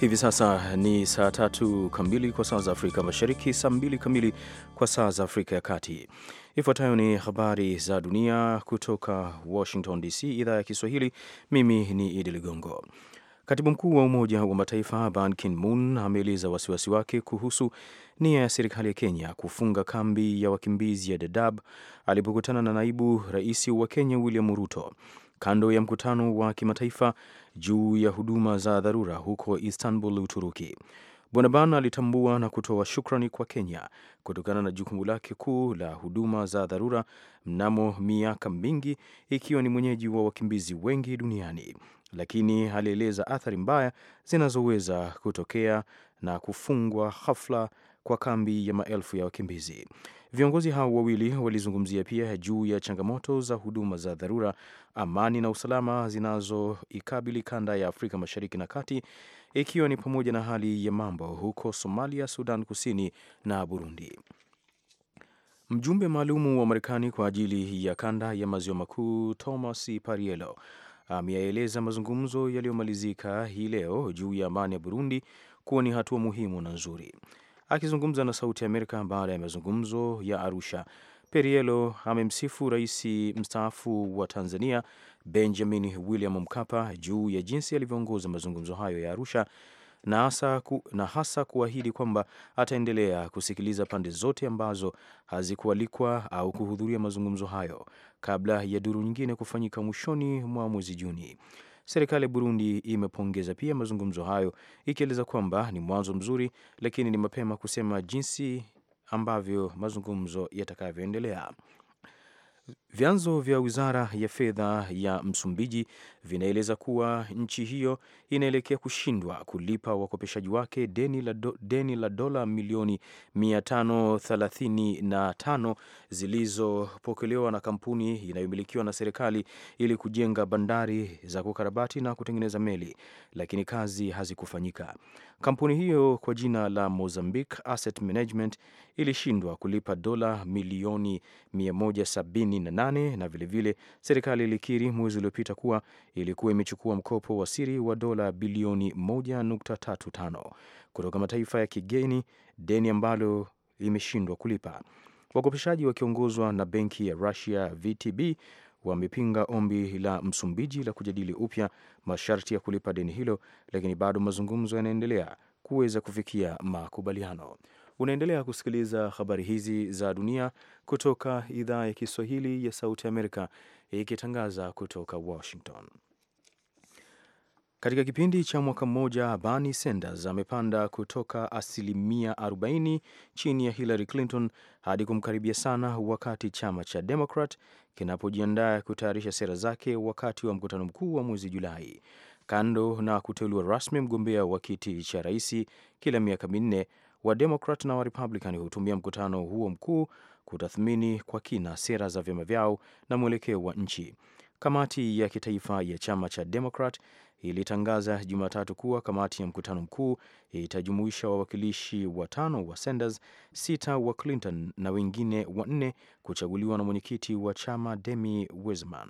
Hivi sasa ni saa tatu kamili kwa saa za Afrika Mashariki, saa mbili kamili kwa saa za Afrika ya Kati. Ifuatayo ni habari za dunia kutoka Washington DC, idhaa ya Kiswahili. Mimi ni Idi Ligongo. Katibu mkuu wa Umoja wa Mataifa Ban Ki-moon ameeleza wasiwasi wake kuhusu nia ya serikali ya Kenya kufunga kambi ya wakimbizi ya Dadaab alipokutana na naibu rais wa Kenya William Ruto kando ya mkutano wa kimataifa juu ya huduma za dharura huko Istanbul, Uturuki. Bwana Ban alitambua na kutoa shukrani kwa Kenya kutokana na jukumu lake kuu la huduma za dharura mnamo miaka mingi, ikiwa ni mwenyeji wa wakimbizi wengi duniani, lakini alieleza athari mbaya zinazoweza kutokea na kufungwa ghafla kwa kambi ya maelfu ya wakimbizi. Viongozi hao wawili walizungumzia pia juu ya changamoto za huduma za dharura, amani na usalama zinazoikabili kanda ya Afrika Mashariki na Kati, ikiwa ni pamoja na hali ya mambo huko Somalia, Sudan Kusini na Burundi. Mjumbe maalumu wa Marekani kwa ajili ya kanda ya maziwa makuu Thomas Parielo ameyaeleza mazungumzo yaliyomalizika hii leo juu ya amani ya Burundi kuwa ni hatua muhimu na nzuri. Akizungumza na Sauti ya Amerika baada ya mazungumzo ya Arusha, Perielo amemsifu rais mstaafu wa Tanzania Benjamin William Mkapa juu ya jinsi alivyoongoza mazungumzo hayo ya Arusha na hasa, ku, na hasa kuahidi kwamba ataendelea kusikiliza pande zote ambazo hazikualikwa au kuhudhuria mazungumzo hayo kabla ya duru nyingine kufanyika mwishoni mwa mwezi Juni. Serikali ya Burundi imepongeza pia mazungumzo hayo ikieleza kwamba ni mwanzo mzuri, lakini ni mapema kusema jinsi ambavyo mazungumzo yatakavyoendelea. Vyanzo vya wizara ya fedha ya Msumbiji vinaeleza kuwa nchi hiyo inaelekea kushindwa kulipa wakopeshaji wake deni la, do, deni la dola milioni 535 zilizopokelewa na kampuni inayomilikiwa na serikali ili kujenga bandari za kukarabati na kutengeneza meli, lakini kazi hazikufanyika. Kampuni hiyo kwa jina la Mozambique Asset Management ilishindwa kulipa dola milioni 178 nane, na vilevile serikali ilikiri mwezi uliopita kuwa ilikuwa imechukua mkopo wa siri wa dola bilioni 1.35 kutoka mataifa ya kigeni, deni ambalo imeshindwa kulipa. Wakopeshaji wakiongozwa na benki ya Russia VTB wamepinga ombi la Msumbiji la kujadili upya masharti ya kulipa deni hilo, lakini bado mazungumzo yanaendelea kuweza kufikia makubaliano. Unaendelea kusikiliza habari hizi za dunia kutoka idhaa ya Kiswahili ya Sauti Amerika ikitangaza kutoka Washington. Katika kipindi cha mwaka mmoja, Bernie Sanders amepanda kutoka asilimia 40 chini ya Hillary Clinton hadi kumkaribia sana, wakati chama cha Democrat kinapojiandaa kutayarisha sera zake wakati wa mkutano mkuu wa mwezi Julai. Kando na kuteuliwa rasmi mgombea wa kiti cha raisi kila miaka minne, wa Demokrat na wa Republican hutumia mkutano huo mkuu kutathmini kwa kina sera za vyama vyao na mwelekeo wa nchi. Kamati ya kitaifa ya chama cha Demokrat ilitangaza Jumatatu kuwa kamati ya mkutano mkuu itajumuisha wawakilishi watano wa Sanders, sita wa Clinton na wengine wanne kuchaguliwa na mwenyekiti wa chama Demi Weisman.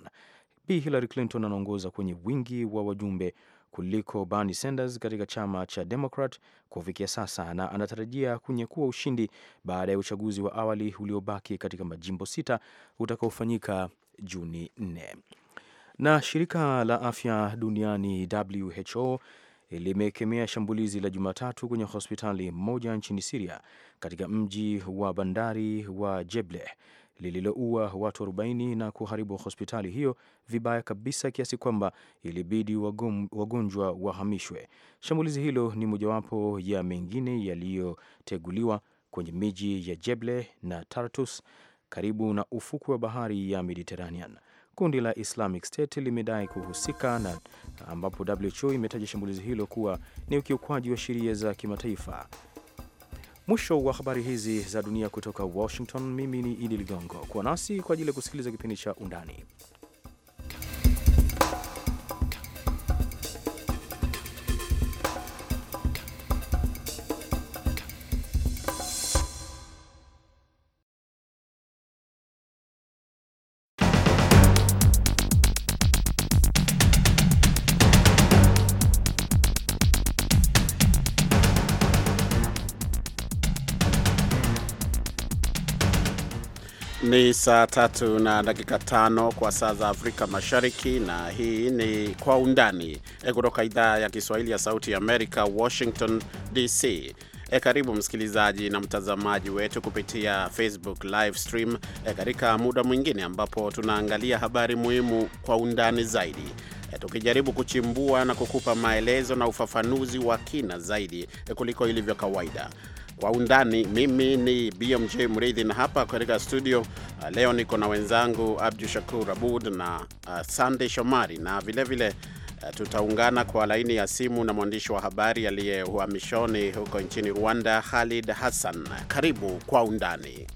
Bi Hillary Clinton anaongoza kwenye wingi wa wajumbe kuliko Bernie Sanders katika chama cha Democrat kufikia sasa na anatarajia kunyekua ushindi baada ya uchaguzi wa awali uliobaki katika majimbo sita utakaofanyika Juni 4. Na shirika la afya duniani WHO limekemea shambulizi la Jumatatu kwenye hospitali moja nchini Siria katika mji wa bandari wa Jebleh lililoua watu 40 na kuharibu hospitali hiyo vibaya kabisa kiasi kwamba ilibidi wagonjwa wahamishwe. Shambulizi hilo ni mojawapo ya mengine yaliyoteguliwa kwenye miji ya Jeble na Tartus karibu na ufukwe wa bahari ya Mediterranean. Kundi la Islamic State limedai kuhusika na ambapo WHO imetaja shambulizi hilo kuwa ni ukiukwaji wa sheria za kimataifa Mwisho wa habari hizi za dunia kutoka Washington. Mimi ni Idi Ligongo, kuwa nasi kwa ajili ya kusikiliza kipindi cha Undani. Ni saa tatu na dakika tano kwa saa za Afrika Mashariki, na hii ni Kwa Undani eh, kutoka idhaa ya Kiswahili ya Sauti ya Amerika, Washington DC. E, eh, karibu msikilizaji na mtazamaji wetu kupitia Facebook live stream e, katika muda mwingine ambapo tunaangalia habari muhimu kwa undani zaidi e, tukijaribu kuchimbua na kukupa maelezo na ufafanuzi wa kina zaidi e, kuliko ilivyo kawaida kwa undani. Mimi ni BMJ Mridhi, na hapa katika studio uh, leo niko na wenzangu Abdu Shakur Abud na uh, Sandey Shomari na vilevile vile, uh, tutaungana kwa laini ya simu na mwandishi wa habari aliye uhamishoni huko nchini Rwanda, Khalid Hassan. Karibu kwa undani.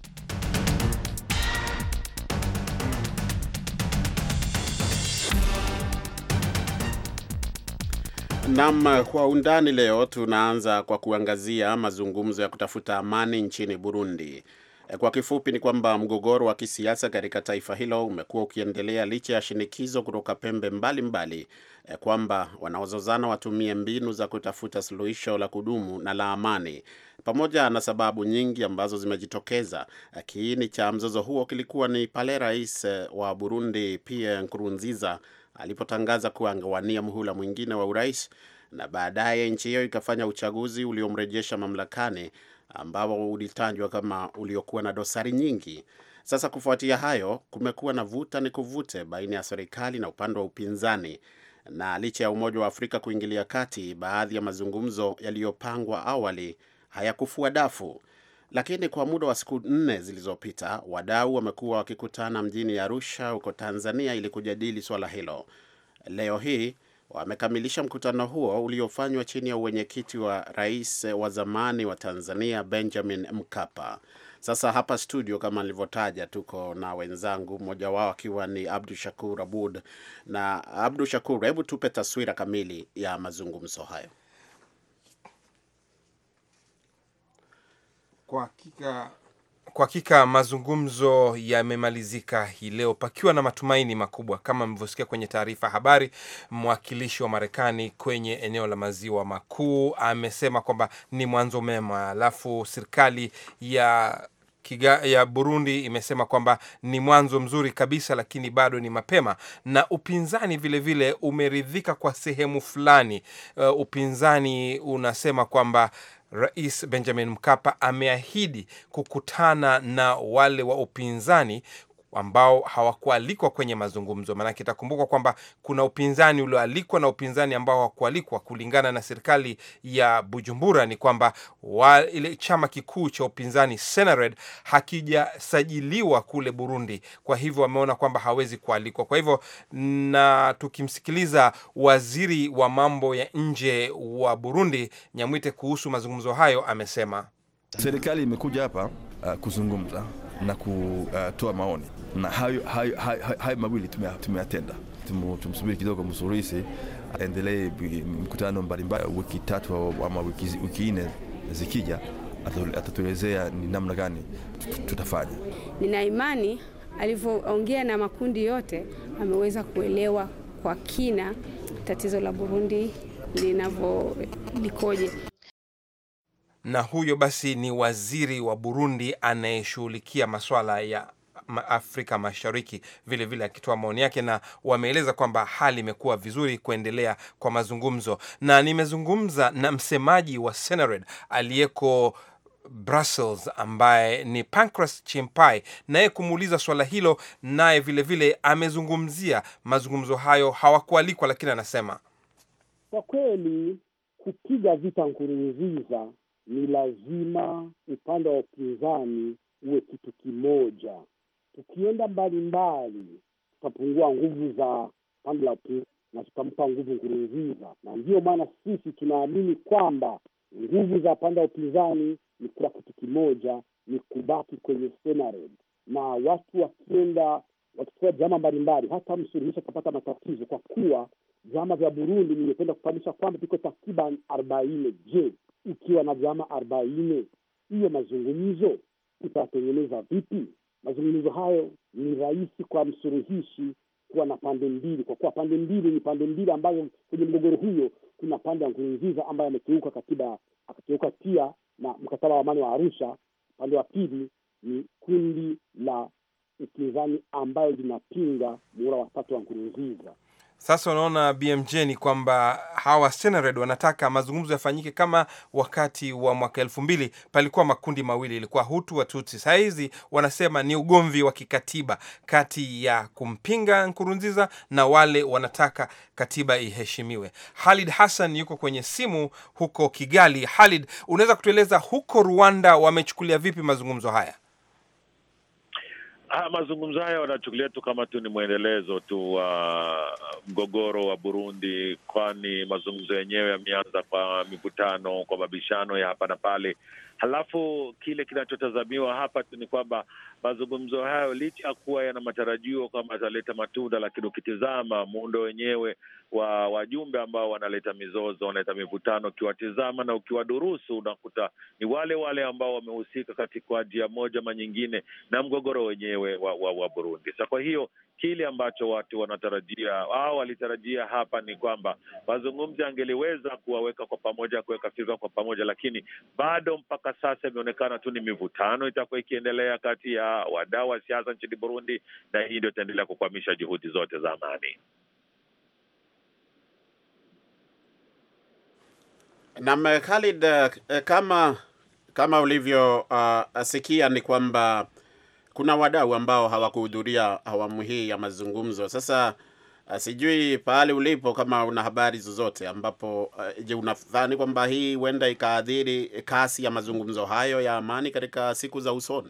Nam, kwa undani leo tunaanza kwa kuangazia mazungumzo ya kutafuta amani nchini Burundi. E, kwa kifupi ni kwamba mgogoro wa kisiasa katika taifa hilo umekuwa ukiendelea licha ya shinikizo kutoka pembe mbalimbali mbali, e, kwamba wanaozozana watumie mbinu za kutafuta suluhisho la kudumu na la amani. Pamoja na sababu nyingi ambazo zimejitokeza, e, kiini cha mzozo huo kilikuwa ni pale rais wa Burundi Pierre Nkurunziza alipotangaza kuwa angewania muhula mwingine wa urais, na baadaye nchi hiyo ikafanya uchaguzi uliomrejesha mamlakani ambao ulitajwa kama uliokuwa na dosari nyingi. Sasa kufuatia hayo, kumekuwa na vuta ni kuvute baina ya serikali na upande wa upinzani, na licha ya Umoja wa Afrika kuingilia kati, baadhi ya mazungumzo yaliyopangwa awali hayakufua dafu. Lakini kwa muda wa siku nne zilizopita, wadau wamekuwa wakikutana mjini Arusha huko Tanzania ili kujadili swala hilo. Leo hii wamekamilisha mkutano huo uliofanywa chini ya uwenyekiti wa rais wa zamani wa Tanzania Benjamin Mkapa. Sasa hapa studio, kama nilivyotaja, tuko na wenzangu, mmoja wao akiwa ni Abdu Shakur Abud. Na Abdu Shakur, hebu tupe taswira kamili ya mazungumzo hayo. kwa hakika kwa hakika mazungumzo yamemalizika hii leo pakiwa na matumaini makubwa, kama mlivyosikia kwenye taarifa habari. Mwakilishi wa Marekani kwenye eneo la maziwa makuu amesema kwamba ni mwanzo mema, alafu serikali ya Kiga ya Burundi imesema kwamba ni mwanzo mzuri kabisa, lakini bado ni mapema, na upinzani vilevile vile umeridhika kwa sehemu fulani. Uh, upinzani unasema kwamba Rais Benjamin Mkapa ameahidi kukutana na wale wa upinzani ambao hawakualikwa kwenye mazungumzo. Maanake itakumbukwa kwamba kuna upinzani ulioalikwa na upinzani ambao hawakualikwa. Kulingana na serikali ya Bujumbura ni kwamba ile chama kikuu cha upinzani Senared hakijasajiliwa kule Burundi, kwa hivyo wameona kwamba hawezi kualikwa. Kwa hivyo na tukimsikiliza waziri wa mambo ya nje wa Burundi Nyamwite kuhusu mazungumzo hayo, amesema serikali imekuja hapa uh, kuzungumza na kutoa uh, maoni na hayo, hayo, hayo, hayo mawili tumeyatenda. Tumsubiri kidogo msuruhisi aendelee mkutano mbalimbali, wiki tatu ama wiki, wiki nne zikija atatuelezea ni namna gani tutafanya. Nina imani alivyoongea na makundi yote ameweza kuelewa kwa kina tatizo la Burundi linavyo likoje. Na huyo basi ni waziri wa Burundi anayeshughulikia masuala ya Afrika Mashariki, vilevile akitoa maoni yake, na wameeleza kwamba hali imekuwa vizuri kuendelea kwa mazungumzo, na nimezungumza na msemaji wa Senared aliyeko Brussels ambaye ni Pancras Chimpai naye kumuuliza swala hilo, naye vilevile amezungumzia mazungumzo hayo. Hawakualikwa, lakini anasema kwa kweli kupiga vita Nkurunziza ni lazima upande wa upinzani uwe kitu kimoja, tukienda mbali mbali tutapungua nguvu za pande la upinzani na tutampa nguvu Nkurunziza, na ndiyo maana sisi tunaamini kwamba nguvu za pande ya upinzani ni kuwa kitu kimoja, ni kubaki kwenye Senate, na watu wakienda wakitoa vyama mbalimbali, hata msuluhisho atapata matatizo, kwa kuwa vyama vya Burundi, nimependa kufahamisha kwamba viko takriban arobaini. Je, ukiwa na vyama arobaini, hiyo mazungumzo utatengeneza vipi? Mazungumzo hayo ni rahisi kwa msuluhishi kuwa na pande mbili, kwa kuwa pande mbili ni pande mbili ambazo kwenye mgogoro huyo kuna pande ya Nkurunziza ambaye amekiuka katiba, akakiuka pia na mkataba wa amani wa Arusha. pande wa pili ni kundi la upinzani ambayo linapinga muhula wa tatu wa Nkurunziza. Sasa unaona BMJ ni kwamba hawa Senared wanataka mazungumzo yafanyike kama wakati wa mwaka elfu mbili palikuwa makundi mawili, ilikuwa Hutu watuti Saa hizi wanasema ni ugomvi wa kikatiba kati ya kumpinga Nkurunziza na wale wanataka katiba iheshimiwe. Halid Hassan yuko kwenye simu huko Kigali. Halid, unaweza kutueleza huko Rwanda wamechukulia vipi mazungumzo haya? Ha, ah, mazungumzo haya wanachukulia tu kama tu ni mwendelezo tu wa uh, mgogoro wa Burundi, kwani mazungumzo yenyewe yameanza kwa mivutano, kwa mabishano ya hapa na pale Halafu kile kinachotazamiwa hapa tu ni kwamba mazungumzo hayo licha ya kuwa yana matarajio kwamba ataleta matunda, lakini ukitizama muundo wenyewe wa wajumbe ambao wanaleta mizozo, wanaleta mivutano, ukiwatizama na ukiwadurusu, unakuta ni wale wale ambao wamehusika katika njia moja ama nyingine na mgogoro wenyewe wa, wa, wa Burundi. Sa kwa hiyo kile ambacho watu wanatarajia au walitarajia hapa ni kwamba mazungumzo angeliweza kuwaweka kwa pamoja, kuweka fikra kwa pamoja, lakini bado mpaka sasa imeonekana tu ni mivutano itakuwa ikiendelea kati ya wadau wa siasa nchini Burundi, na hii ndio itaendelea kukwamisha juhudi zote za amani. Naam, Khalid, eh, kama kama ulivyosikia ah, uh, ni kwamba kuna wadau ambao hawakuhudhuria awamu hii ya mazungumzo. Sasa ah, sijui pahali ulipo kama una habari zozote ambapo, ah, je, unadhani kwamba hii huenda ikaadhiri kasi ya mazungumzo hayo ya amani katika siku za usoni?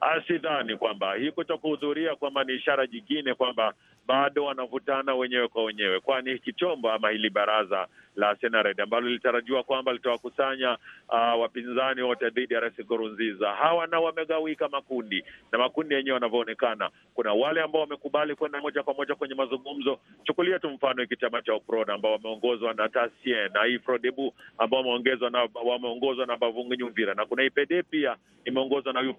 Ah, sidhani kwamba hii kutokuhudhuria kuhudhuria kwamba ni ishara jingine kwamba bado wanavutana wenyewe kwa wenyewe, kwani hiki chombo ama hili baraza la Senared ambalo lilitarajiwa kwamba litawakusanya uh, wapinzani wote dhidi ya Rais Nkurunziza. Hawa nao wamegawika makundi na makundi yenyewe wanavyoonekana, kuna wale ambao wamekubali kwenda moja kwa moja kwenye mazungumzo. Chukulia tu mfano hiki chama cha UPRONA ambao wameongozwa na Tasie na Ifrodebu ambao wameongezwa na wameongozwa na Bavungi Nyumvira, na kuna IPD pia imeongozwa na huyu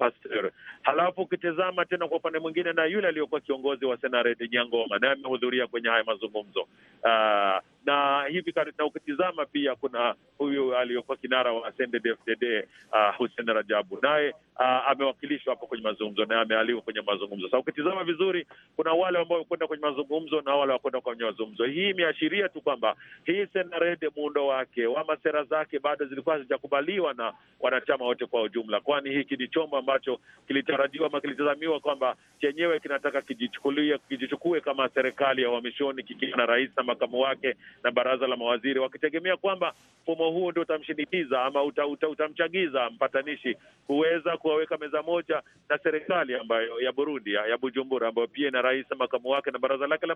Halafu ukitizama tena kwa upande mwingine, na yule aliyokuwa kiongozi wa Senared Nyangoma naye amehudhuria kwenye haya mazungumzo uh, na hivi karibuni na ukitizama pia kuna huyu aliyokuwa kinara wa CNDD-FDD uh, ah, Hussein Rajabu naye uh, amewakilishwa hapo kwenye mazungumzo na amealikwa kwenye mazungumzo. Sasa ukitizama vizuri, kuna wale ambao wakwenda kwenye mazungumzo na wale wakwenda kwenye mazungumzo. Hii imeashiria tu kwamba hii Senarede muundo wake wama sera zake bado zilikuwa hazijakubaliwa na wanachama wote kwa ujumla, kwani hiki ni chombo ambacho kilitarajiwa ama kilitazamiwa kwamba chenyewe kinataka kijichukulie kijichukue kama serikali ya uhamishoni kikiwa na rais na makamu wake na baraza la mawaziri Waziri wakitegemea kwamba mfumo huu ndio utamshinikiza ama uta, uta, utamchagiza mpatanishi kuweza kuwaweka meza moja na serikali ambayo ya Burundi ya, ya Bujumbura ambayo pia ina rais makamu wake na baraza lake la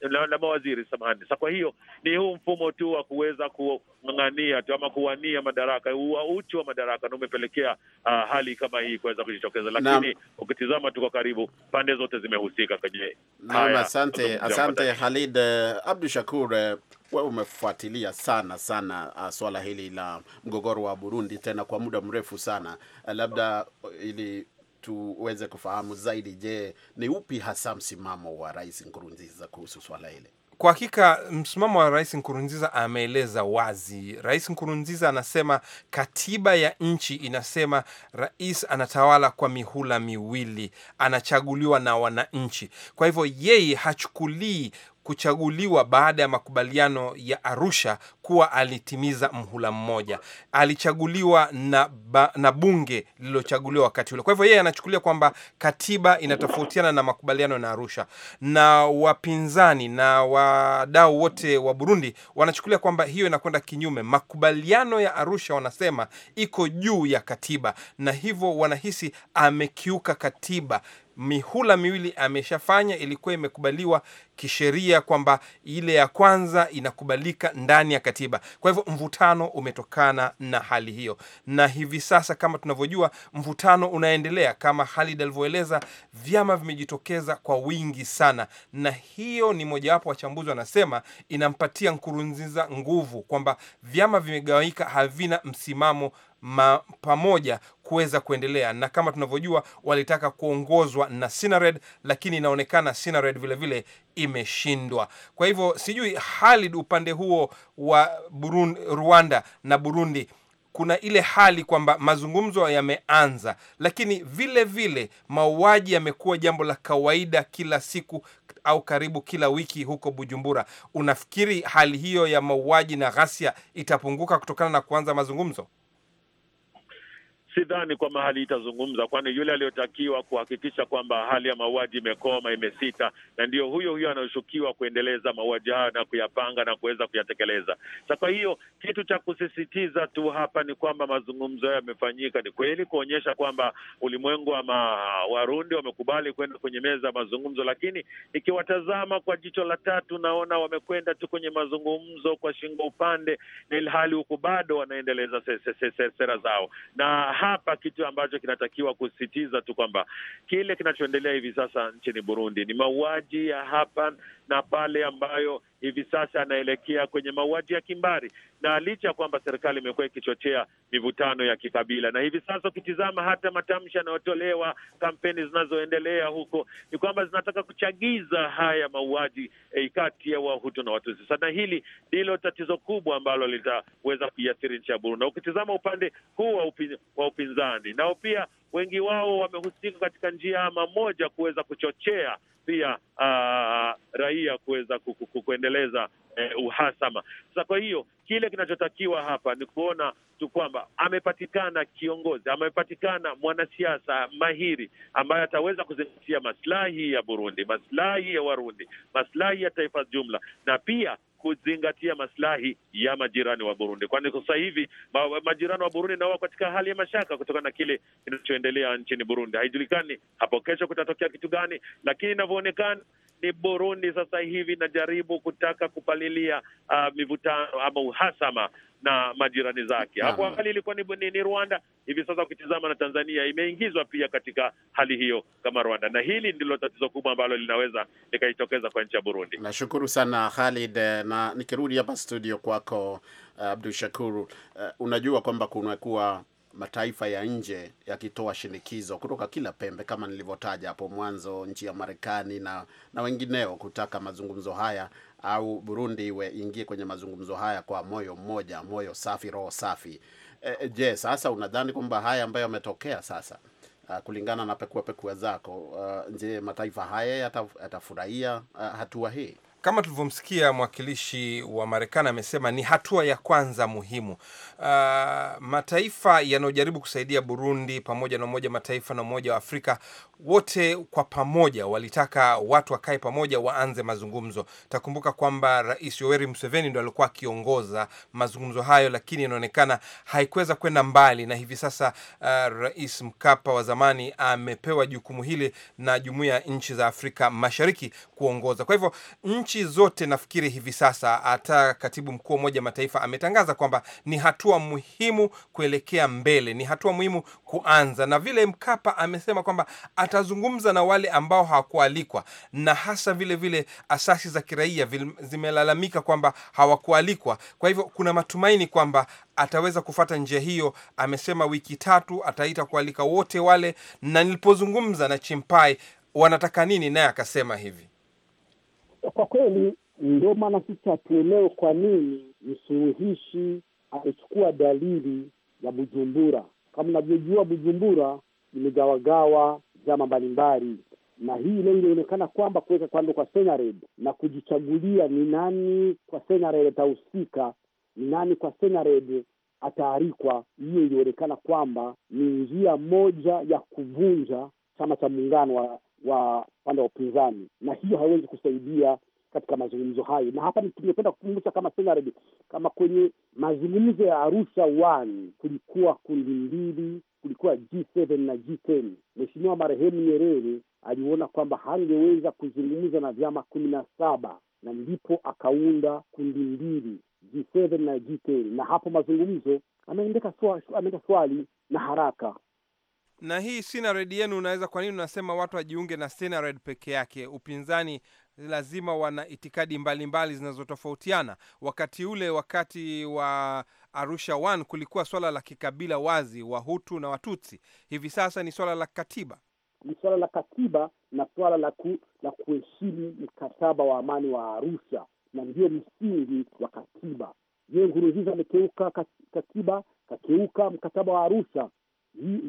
la, la mawaziri samahani. Sa kwa hiyo ni huu mfumo tu wa kuweza kung'ang'ania tu ama kuwania madaraka, uchu wa madaraka na umepelekea uh, hali kama hii kuweza kujitokeza, lakini ukitizama tu kwa karibu, pande zote zimehusika kwenye haya. Asante, asante Halid eh, Abdu Shakur. Eh, wewe umefuatilia sana sana uh, swala hili la mgogoro wa Burundi tena kwa muda mrefu sana uh, labda eh, ili tuweze kufahamu zaidi, je, ni upi hasa msimamo wa Rais Nkurunziza kuhusu swala hili? Kwa hakika msimamo wa Rais Nkurunziza ameeleza wazi. Rais Nkurunziza anasema katiba ya nchi inasema rais anatawala kwa mihula miwili, anachaguliwa na wananchi. Kwa hivyo yeye hachukulii kuchaguliwa baada ya makubaliano ya Arusha kuwa alitimiza mhula mmoja. Alichaguliwa na, ba, na bunge lililochaguliwa wakati ule. Kwa hivyo yeye anachukulia kwamba katiba inatofautiana na makubaliano na Arusha, na wapinzani na wadau wote wa Burundi wanachukulia kwamba hiyo inakwenda kinyume. Makubaliano ya Arusha wanasema iko juu ya katiba, na hivyo wanahisi amekiuka katiba mihula miwili ameshafanya. Ilikuwa imekubaliwa kisheria kwamba ile ya kwanza inakubalika ndani ya katiba. Kwa hivyo mvutano umetokana na hali hiyo, na hivi sasa kama tunavyojua, mvutano unaendelea. Kama hali alivyoeleza, vyama vimejitokeza kwa wingi sana, na hiyo ni mojawapo, wachambuzi wanasema inampatia Nkurunziza nguvu, kwamba vyama vimegawanyika, havina msimamo ma, pamoja kuweza kuendelea, na kama tunavyojua walitaka kuongozwa na Sinared, lakini inaonekana Sinared vilevile imeshindwa. Kwa hivyo sijui Halid upande huo wa Burundi, Rwanda na Burundi kuna ile hali kwamba mazungumzo yameanza, lakini vile vile mauaji yamekuwa jambo la kawaida kila siku au karibu kila wiki huko Bujumbura. Unafikiri hali hiyo ya mauaji na ghasia itapunguka kutokana na kuanza mazungumzo? sidhani kwamba hali itazungumza, kwani yule aliyotakiwa kuhakikisha kwamba hali ya mauaji imekoma, imesita, na ndiyo huyo huyo anayoshukiwa kuendeleza mauaji hayo na kuyapanga na kuweza kuyatekeleza. Sa kwa hiyo kitu cha kusisitiza tu hapa ni kwamba mazungumzo hayo yamefanyika, ni kweli kuonyesha kwamba ulimwengu wa Warundi wamekubali kwenda kwenye meza ya mazungumzo, lakini nikiwatazama kwa jicho la tatu, naona wamekwenda tu kwenye mazungumzo kwa shingo upande, na ilhali huku bado wanaendeleza sera zao na hapa kitu ambacho kinatakiwa kusisitiza tu kwamba kile kinachoendelea hivi sasa nchini Burundi ni mauaji ya hapa na pale ambayo hivi sasa anaelekea kwenye mauaji ya kimbari, na licha ya kwamba serikali imekuwa ikichochea mivutano ya kikabila, na hivi sasa ukitizama hata matamshi yanayotolewa, kampeni zinazoendelea huko ni kwamba zinataka kuchagiza haya mauaji eh, kati ya Wahutu na Watusi. Sasa hili ndilo tatizo kubwa ambalo litaweza kuiathiri nchi ya Burundi, na ukitizama upande huu wa upinzani nao pia wengi wao wamehusika katika njia ama moja kuweza kuchochea pia uh, raia kuweza kuendeleza uh, uhasama. Sasa kwa hiyo kile kinachotakiwa hapa ni kuona tu kwamba amepatikana kiongozi, amepatikana mwanasiasa mahiri ambaye ataweza kuzingatia maslahi ya Burundi, maslahi ya Warundi, maslahi ya taifa jumla, na pia kuzingatia maslahi ya majirani wa Burundi, kwani sasa hivi ma, majirani wa Burundi nao katika hali ya mashaka kutokana na kile kinachoendelea nchini Burundi. Haijulikani hapo kesho kutatokea kitu gani, lakini inavyoonekana ni Burundi sasa hivi inajaribu kutaka kupalilia uh, mivutano ama uhasama na majirani zake. Hapo awali ilikuwa ni, ni Rwanda. Hivi sasa ukitizama na Tanzania imeingizwa pia katika hali hiyo kama Rwanda, na hili ndilo tatizo kubwa ambalo linaweza likajitokeza kwa nchi ya Burundi. Nashukuru sana Khalid, na nikirudi hapa studio kwako, ah, abdu Shakuru, uh, ah, unajua kwamba kunakuwa mataifa ya nje yakitoa shinikizo kutoka kila pembe kama nilivyotaja hapo mwanzo, nchi ya Marekani na, na wengineo kutaka mazungumzo haya au Burundi iwe ingie kwenye mazungumzo haya kwa moyo mmoja, moyo safi, roho safi. E, e je, sasa unadhani kwamba haya ambayo yametokea sasa Uh, kulingana na pekua pekua zako, uh, je, mataifa haya yatafurahia uh, hatua hii? Kama tulivyomsikia mwakilishi wa Marekani amesema ni hatua ya kwanza muhimu. Uh, mataifa yanayojaribu kusaidia Burundi pamoja na Umoja Mataifa na Umoja wa Afrika wote kwa pamoja walitaka watu wakae pamoja, waanze mazungumzo. Takumbuka kwamba Rais Yoweri Museveni ndo alikuwa akiongoza mazungumzo hayo, lakini inaonekana haikuweza kwenda mbali, na hivi sasa uh, Rais Mkapa wa zamani amepewa jukumu hili na Jumuiya ya Nchi za Afrika Mashariki kuongoza. Kwa hivyo nchi zote nafikiri hivi sasa, hata katibu mkuu wa Umoja Mataifa ametangaza kwamba ni hatua muhimu kuelekea mbele, ni hatua muhimu kuanza, na vile Mkapa amesema kwamba atazungumza na wale ambao hawakualikwa, na hasa vile vile asasi za kiraia zimelalamika kwamba hawakualikwa. Kwa hivyo kuna matumaini kwamba ataweza kufata njia hiyo. Amesema wiki tatu ataita kualika wote wale, na nilipozungumza na Chimpai wanataka nini, naye akasema hivi, kwa kweli ndio maana sisi hatuelewe kwa nini msuluhishi amechukua dalili ya Bujumbura. Kama unavyojua, Bujumbura imegawagawa vyama mbalimbali, na hii leo inaonekana kwamba kuweka kando kwa Senared na kujichagulia ni nani kwa Senared atahusika, ni nani kwa Senared ataarikwa, hiyo ilionekana kwamba ni njia moja ya kuvunja chama cha muungano wa wa upande wa upinzani, na hiyo haiwezi kusaidia katika mazungumzo hayo. Na hapa tungependa kukumbusha kama Senared, kama kwenye mazungumzo ya Arusha one kulikuwa kundi mbili kulikuwa G7 na G10. Mheshimiwa marehemu Nyerere aliona kwamba hangeweza kuzungumza na vyama kumi na saba na ndipo akaunda kundi mbili G7 na G10, na hapo mazungumzo ameendeka swali, swali na haraka. Na hii Sinared yenu unaweza, kwa nini unasema watu wajiunge na Sinared peke yake? Upinzani lazima wana itikadi mbalimbali zinazotofautiana. Wakati ule wakati wa Arusha One kulikuwa swala la kikabila wazi, Wahutu na Watutsi. Hivi sasa ni swala la katiba, ni swala la katiba na swala la, ku, la kuheshimu mkataba wa amani wa Arusha, na ndio msingi wa katiba. Je, Nkurunziza amekeuka katiba, kakeuka mkataba wa Arusha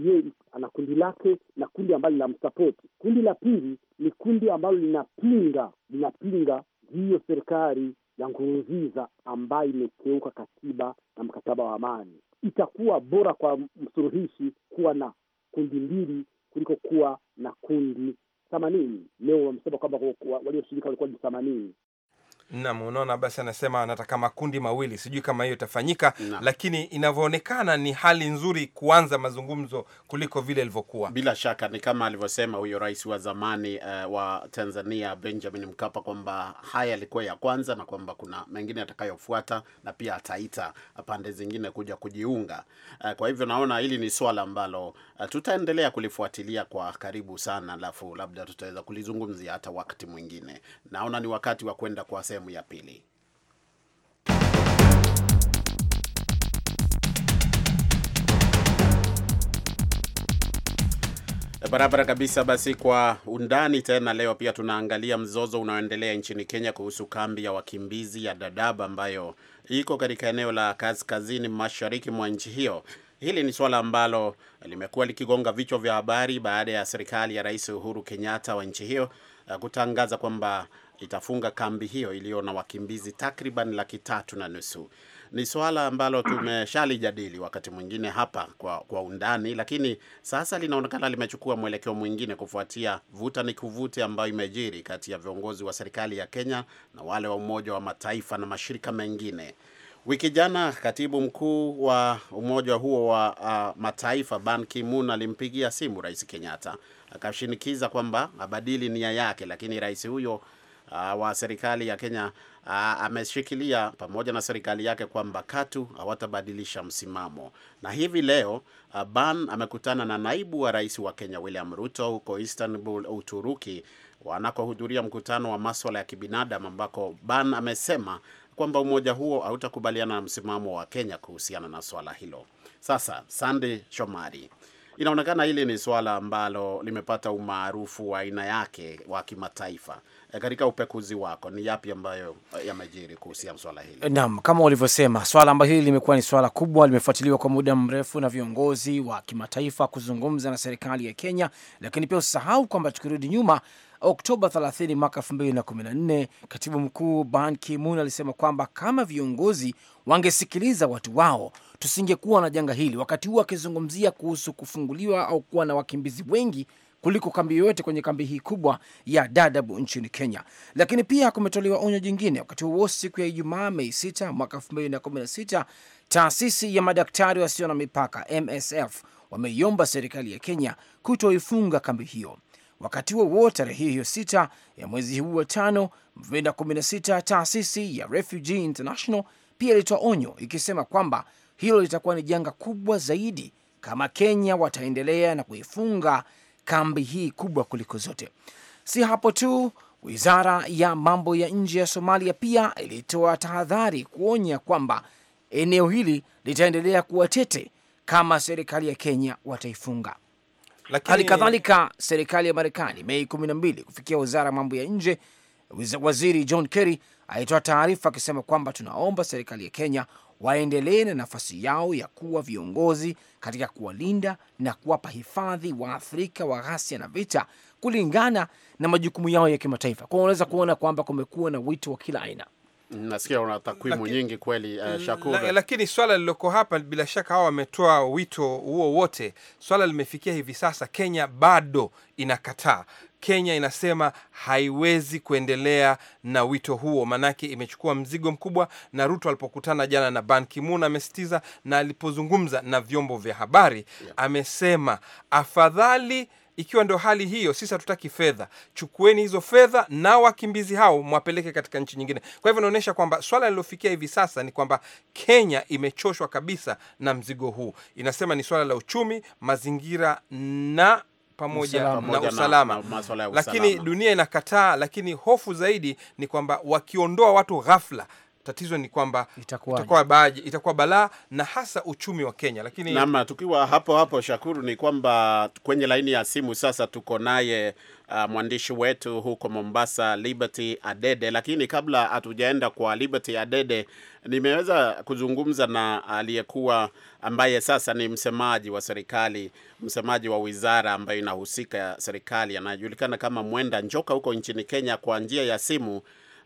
ye ana kundi lake na kundi ambalo linamsapoti. Kundi la pili ni kundi ambalo linapinga linapinga hiyo serikali ya Nkurunziza ambayo imekeuka katiba na mkataba wa amani. Itakuwa bora kwa msuluhishi kuwa na kundi mbili kuliko kuwa na kundi themanini. Leo wamesema kwamba walioshirika walikuwa ni themanini. Naam, unaona, basi anasema anataka makundi mawili, sijui kama hiyo itafanyika, lakini inavyoonekana ni hali nzuri kuanza mazungumzo kuliko vile ilivyokuwa. Bila shaka ni kama alivyosema huyo rais wa zamani uh, wa Tanzania Benjamin Mkapa kwamba haya yalikuwa ya kwanza na kwamba kuna mengine yatakayofuata na pia ataita pande zingine kuja kujiunga. Uh, kwa hivyo naona hili ni swala ambalo uh, tutaendelea kulifuatilia kwa karibu sana, alafu labda tutaweza kulizungumzia hata wakati mwingine. Naona ni wakati wa kwenda kwa sehemu ya pili. Barabara kabisa. Basi kwa undani tena leo pia tunaangalia mzozo unaoendelea nchini Kenya kuhusu kambi ya wakimbizi ya Dadaab ambayo iko katika eneo la kaskazini mashariki mwa nchi hiyo. Hili ni suala ambalo limekuwa likigonga vichwa vya habari baada ya serikali ya Rais Uhuru Kenyatta wa nchi hiyo uh, kutangaza kwamba itafunga kambi hiyo iliyo na wakimbizi takriban laki tatu na nusu. Ni suala ambalo tumeshalijadili wakati mwingine hapa kwa, kwa undani, lakini sasa linaonekana limechukua mwelekeo mwingine kufuatia vuta ni kuvute ambayo imejiri kati ya viongozi wa serikali ya Kenya na wale wa Umoja wa Mataifa na mashirika mengine. Wiki jana katibu mkuu wa umoja huo wa uh, mataifa Ban Ki-moon alimpigia simu Rais Kenyatta akashinikiza kwamba abadili nia yake, lakini rais huyo uh, wa serikali ya Kenya uh, ameshikilia pamoja na serikali yake kwamba katu hawatabadilisha msimamo, na hivi leo uh, Ban amekutana na naibu wa rais wa Kenya William Ruto huko Istanbul, Uturuki, wanakohudhuria mkutano wa maswala ya kibinadamu, ambako Ban amesema kwamba umoja huo hautakubaliana na msimamo wa Kenya kuhusiana na swala hilo. Sasa Sande Shomari inaonekana hili ni swala ambalo limepata umaarufu wa aina yake wa kimataifa. E, katika upekuzi wako ni yapi ambayo yamejiri kuhusiana swala hili? Naam, kama ulivyosema, swala ambalo hili limekuwa ni swala kubwa, limefuatiliwa kwa muda mrefu na viongozi wa kimataifa kuzungumza na serikali ya Kenya, lakini pia usisahau kwamba tukirudi nyuma Oktoba 30 mwaka 2014, katibu mkuu Ban Ki-moon alisema kwamba kama viongozi wangesikiliza watu wao tusingekuwa na janga hili, wakati huo akizungumzia kuhusu kufunguliwa au kuwa na wakimbizi wengi kuliko kambi yoyote kwenye kambi hii kubwa ya Dadaab nchini Kenya. Lakini pia kumetolewa onyo jingine. Wakati huo siku ya Ijumaa, Mei 6 mwaka 2016, taasisi ya madaktari wasio na mipaka MSF wameiomba serikali ya Kenya kutoifunga kambi hiyo. Wakati huo huo, tarehe hiyo sita ya mwezi huu wa tano, Mvenda 16 taasisi ya Refugee International pia ilitoa onyo ikisema kwamba hilo litakuwa ni janga kubwa zaidi kama Kenya wataendelea na kuifunga kambi hii kubwa kuliko zote. Si hapo tu, wizara ya mambo ya nje ya Somalia pia ilitoa tahadhari kuonya kwamba eneo hili litaendelea kuwa tete kama serikali ya Kenya wataifunga. Lakini... hali kadhalika serikali ya Marekani Mei kumi na mbili kufikia wizara ya mambo ya nje, waziri John Kerry alitoa taarifa akisema kwamba tunaomba serikali ya Kenya waendelee na nafasi yao ya kuwa viongozi katika kuwalinda na kuwapa hifadhi waathirika wa ghasia na vita kulingana na majukumu yao ya kimataifa. Kwa unaweza kuona kwamba kumekuwa na wito wa kila aina Nasikia una takwimu Laki, nyingi kweli uh, eh, mm, Shakura. Lakini swala liloko hapa bila shaka hawa wametoa wito huo wote, swala limefikia hivi sasa, Kenya bado inakataa. Kenya inasema haiwezi kuendelea na wito huo, maanake imechukua mzigo mkubwa. Na Ruto alipokutana jana na Ban Ki-moon amesitiza, na alipozungumza na vyombo vya habari yeah, amesema afadhali ikiwa ndio hali hiyo, sisi hatutaki fedha, chukueni hizo fedha na wakimbizi hao mwapeleke katika nchi nyingine. Kwa hivyo inaonyesha kwamba swala lililofikia hivi sasa ni kwamba Kenya imechoshwa kabisa na mzigo huu. Inasema ni swala la uchumi, mazingira na pamoja Musalama, na usalama na, na usalama. Lakini dunia inakataa, lakini hofu zaidi ni kwamba wakiondoa watu ghafla tatizo ni kwamba itakuwa baje, itakuwa balaa na hasa uchumi wa Kenya. Lakini naam, tukiwa hapo hapo, Shakuru, ni kwamba kwenye laini ya simu sasa tuko naye uh, mwandishi wetu huko Mombasa Liberty Adede. Lakini kabla hatujaenda kwa Liberty Adede, nimeweza kuzungumza na aliyekuwa ambaye sasa ni msemaji wa serikali, msemaji wa wizara ambayo inahusika serikali, anajulikana kama Mwenda Njoka huko nchini Kenya kwa njia ya simu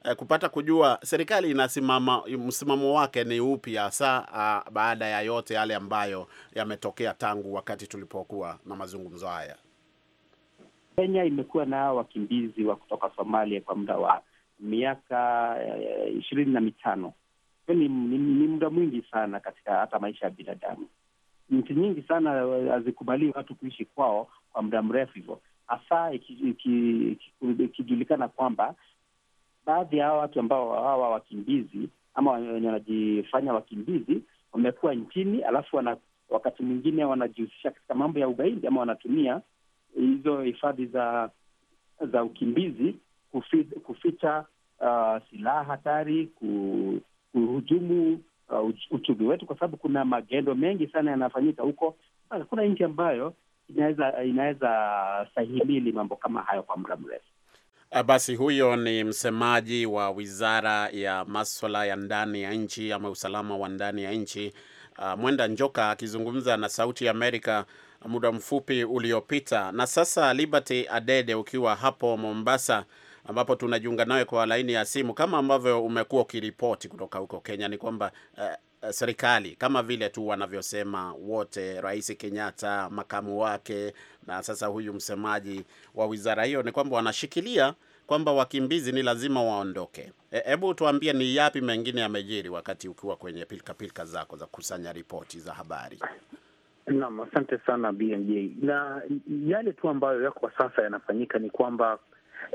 eh, kupata kujua serikali inasimama msimamo wake ni upi hasa ah, baada ya yote yale ambayo yametokea tangu wakati tulipokuwa na mazungumzo haya. Kenya imekuwa na wakimbizi wa kutoka Somalia kwa muda wa miaka eh, ishirini na mitano. Ni, ni, ni muda mwingi sana katika hata maisha ya binadamu. Nchi nyingi sana hazikubalii watu kuishi kwao kwa muda mrefu hivyo, hasa ikijulikana iki, iki, iki, kwamba baadhi ya hawa watu ambao hawa wakimbizi ama wenye wanajifanya wakimbizi wamekuwa nchini, alafu wana, wakati mwingine wanajihusisha katika mambo ya ugaidi ama wanatumia hizo hifadhi za za ukimbizi kuficha uh, silaha hatari, kuhujumu uh, uchumi wetu, kwa sababu kuna magendo mengi sana yanafanyika huko. Hakuna nchi ambayo inaweza inaweza sahimili mambo kama hayo kwa muda mrefu. Ah, basi huyo ni msemaji wa wizara ya maswala ya ndani ya nchi ama usalama wa ndani ya nchi uh, Mwenda Njoka akizungumza na Sauti ya Amerika muda mfupi uliopita. Na sasa Liberty Adede, ukiwa hapo Mombasa ambapo tunajiunga nawe kwa laini ya simu, kama ambavyo umekuwa ukiripoti kutoka huko Kenya, ni kwamba uh, Eh, serikali kama vile tu wanavyosema wote, Rais Kenyatta, makamu wake, na sasa huyu msemaji wa wizara hiyo, ni kwamba wanashikilia kwamba wakimbizi ni lazima waondoke. E, hebu e, tuambie ni yapi mengine yamejiri wakati ukiwa kwenye pilika pilika zako za kukusanya ripoti za habari? Naam, asante sana BMJ. Na yale tu ambayo yako sasa yanafanyika ni kwamba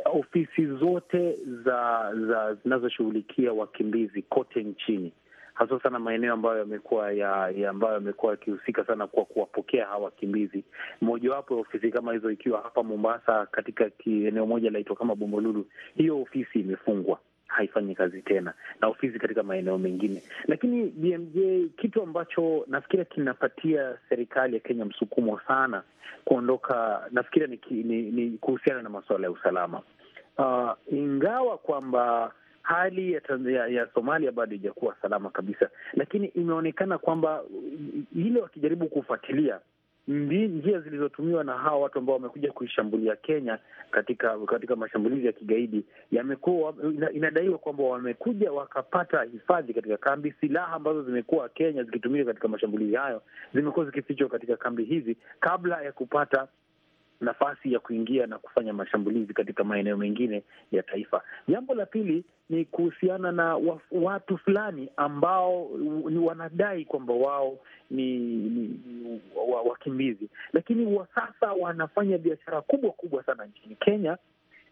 ofisi zote za za zinazoshughulikia wakimbizi kote nchini hasa sana maeneo ambayo yamekuwa ya, ya ambayo yamekuwa yakihusika sana kwa kuwapokea hawa wakimbizi. Mojawapo ya ofisi kama hizo ikiwa hapa Mombasa, katika eneo moja laitwa kama Bombolulu. Hiyo ofisi imefungwa haifanyi kazi tena, na ofisi katika maeneo mengine. Lakini BMJ, kitu ambacho nafikiria kinapatia serikali ya Kenya msukumo sana kuondoka, nafikiria ni, ni, ni kuhusiana na masuala ya usalama uh, ingawa kwamba hali ya ya, ya Somalia bado haijakuwa salama kabisa, lakini imeonekana kwamba ile wakijaribu kufuatilia njia zilizotumiwa na hawa watu ambao wamekuja kuishambulia Kenya katika katika mashambulizi ya kigaidi yamekuwa, inadaiwa kwamba wamekuja wakapata hifadhi katika kambi. Silaha ambazo zimekuwa Kenya zikitumika katika mashambulizi hayo zimekuwa zikifichwa katika kambi hizi kabla ya kupata nafasi ya kuingia na kufanya mashambulizi katika maeneo mengine ya taifa. Jambo la pili ni kuhusiana na watu fulani ambao ni wanadai kwamba wao ni, ni wakimbizi, lakini wa sasa wanafanya biashara kubwa kubwa sana nchini Kenya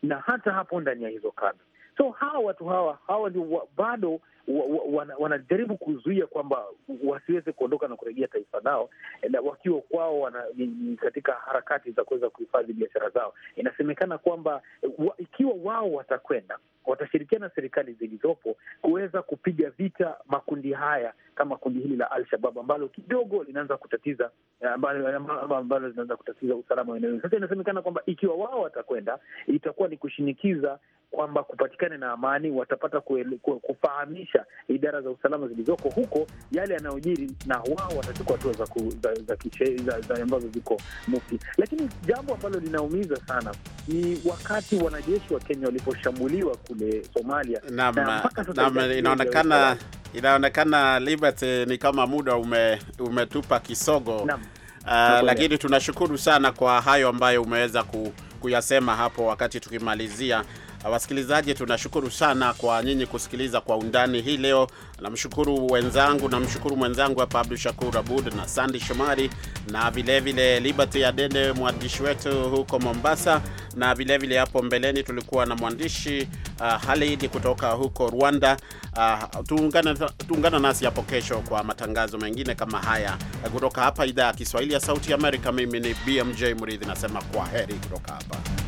na hata hapo ndani ya hizo kambi. So hawa watu hawa hawa ndio bado wanajaribu wana kuzuia kwamba wasiweze kuondoka na kurejea taifa lao, eh, na wakiwa kwao wana, katika harakati za kuweza kuhifadhi biashara zao. Inasemekana kwamba eh, wa, ikiwa wao watakwenda watashirikiana na serikali zilizopo kuweza kupiga vita makundi haya kama kundi hili la alshabab ambalo kidogo linaanza kutatiza eh, ambalo linaanza kutatiza usalama wa eneo Sasa inasemekana kwamba ikiwa wao watakwenda itakuwa ni kushinikiza kwamba kupatikane na amani, watapata kufahamisha kuhakikisha idara za usalama zilizoko huko yale yanayojiri, na wao watachukua hatua za, za, za, za ambazo ziko mufti. Lakini jambo ambalo linaumiza sana ni wakati wanajeshi wa Kenya waliposhambuliwa kule Somalia na, na, na, na, inaonekana inaonekana Liberty ni kama muda ume, umetupa kisogo na, Uh, ah, lakini tunashukuru sana kwa hayo ambayo umeweza ku, kuyasema hapo wakati tukimalizia Wasikilizaji, tunashukuru sana kwa nyinyi kusikiliza kwa undani hii leo. Namshukuru wenzangu, namshukuru mwenzangu hapa Abdu Shakur Abud na Sandi Shomari na vilevile Liberty Adede, mwandishi wetu huko Mombasa, na vilevile hapo mbeleni tulikuwa na mwandishi uh, Halid kutoka huko Rwanda. Uh, tuungana, tuungana nasi hapo kesho kwa matangazo mengine kama haya kutoka hapa idhaa ya Kiswahili ya Sauti ya Amerika. Mimi ni BMJ Murithi nasema kwa heri kutoka hapa.